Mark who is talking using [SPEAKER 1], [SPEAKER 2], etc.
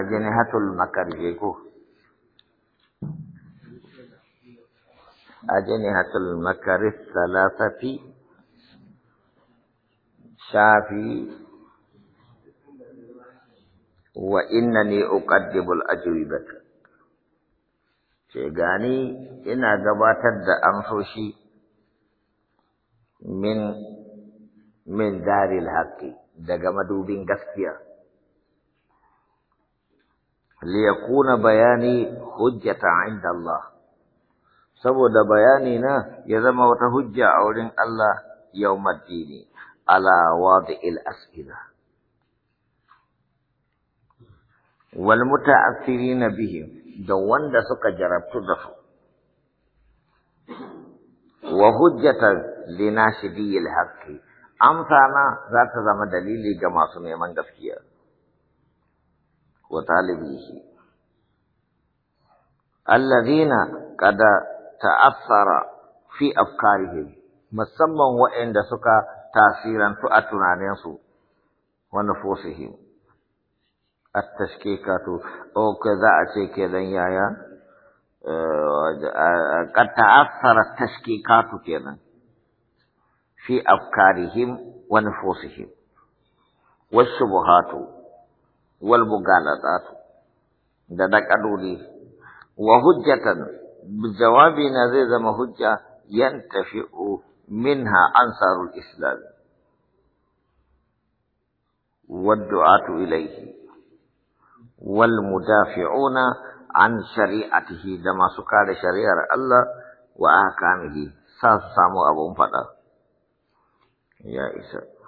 [SPEAKER 1] أجنحة المكر جيكو أجنحة المكر الثلاثة في شافي وإنني أقدم الأجوبة شيغاني إن أجبات الأنفوشي من من دار الحق دغما دوبين غسطيه liyakuna bayani hujjata inda Allah saboda bayani na ya zama wata hujja a wurin Allah yawmad dini ala ilaskila. as'ila wal muta'assirin bihim da wanda suka jarabtu da su wa hujjatan linashidiyil amsa amsana za ta zama dalili ga masu neman gaskiya وطالبيه الذين قد تأثر في أفكارهم مسمى وإن سكا تأثيرا فأتنا ننسو ونفوسهم التشكيكات أو كذا أشي كذا يايا قد تأثر التشكيكات كذا في أفكارهم ونفوسهم والشبهات wal mughalatat da daqaduli wa hujjatan bi jawabi zai zama hujja yantafi'u minha ansarul islam wa du'atu ilayhi wal mudafi'una an shari'atihi da masu kare shari'ar Allah wa ahkamihi sa samu abun fada ya isa